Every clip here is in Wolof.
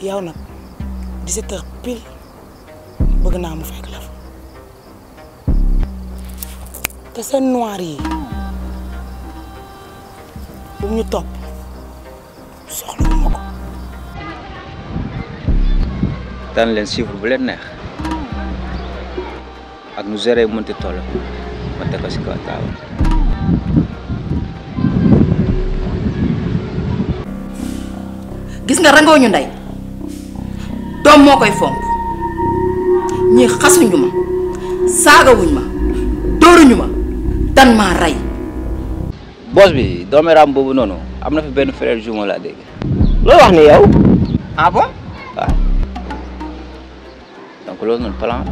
yow nag 17 heures pile bëgg naa mu fekk la fa te seen noir yi bu ñu topp soxla ma ko. daan leen chiffre bu leen neex ak nu géré mënti toll ma ko si kaw taawul. gis nga rangoo ñu ndey. doom moo koy fonk ñi xasuñu ma saagawuñ ma dóoruñu ma dan maa rey boos bi doomeeraam boobu noonu am na fi benn frère jumeau laa dégg loolu wax ni yow ah bon loolu noonu plan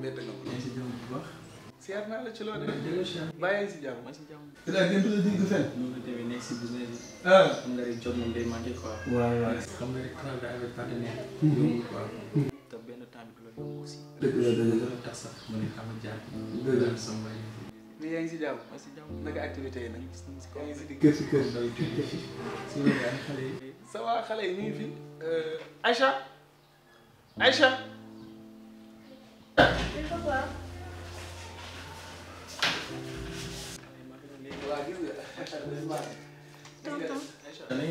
métti na ko. yaa ngi si jàmm bu baax. siyaar naa la ci loo daal ngeen tuddee dégg nga xam nga mm-hmm. benn temps la yomb aussi. dëgg la dëgg la tax sax mu ne xam nga jaar. dëgg la sama mbay. mais yaa ngi yi nag. ngi si di kër si kër. si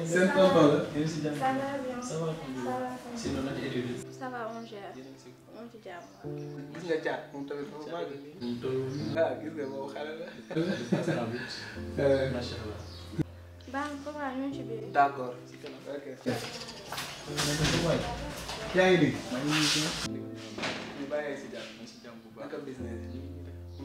seen tonton la. yéen si jàmm. ça va na comment ñu ngi ci biir. d' accord. ok. yaa ngi dégg. yaa ngi business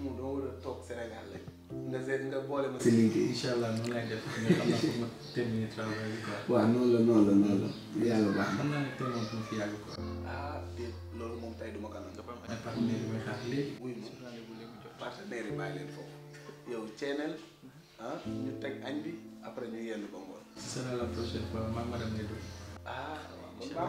mu dama war a toog Sénégal rek nga seet nga boole ma si liggéey incha allah noonu lay def nga xam naa pour ma terminer travail bi quoi noonu la noonu la yàlla baax na naa ne tey moom du ma fi ah loolu moom tey du ma kanam dafa am ay partenaire yu may xaar léegi wuy ma rendez-vous bu léegi jox partenaire leen foofu yow channel ah ñu teg añ bi après ñu yenn ba ngoon ce sera la prochaine fois maam madame Ndeye Doye ah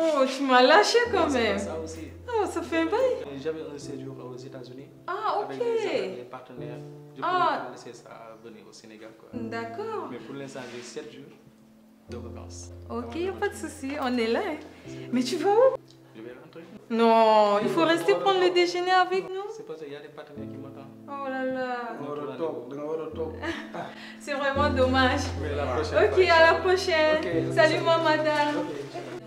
Oh, tu m'as lâché quand même. Ça aussi. Oh, ça fait un bail. J'avais un séjour aux États-Unis. Ah, ok. Avec partenaires. Je ah. pouvais laisser ça venir au Sénégal. D'accord. Mais pour l'instant, j'ai 7 jours de vacances. Ok, pas de souci. On est là. Hein. Mais tu vas où Je vais rentrer. Non, il faut rester prendre le déjeuner avec nous. C'est parce qu'il y a des partenaires qui m'attendent. Oh là là. C'est vraiment dommage. Ok, à la prochaine. Salut, madame.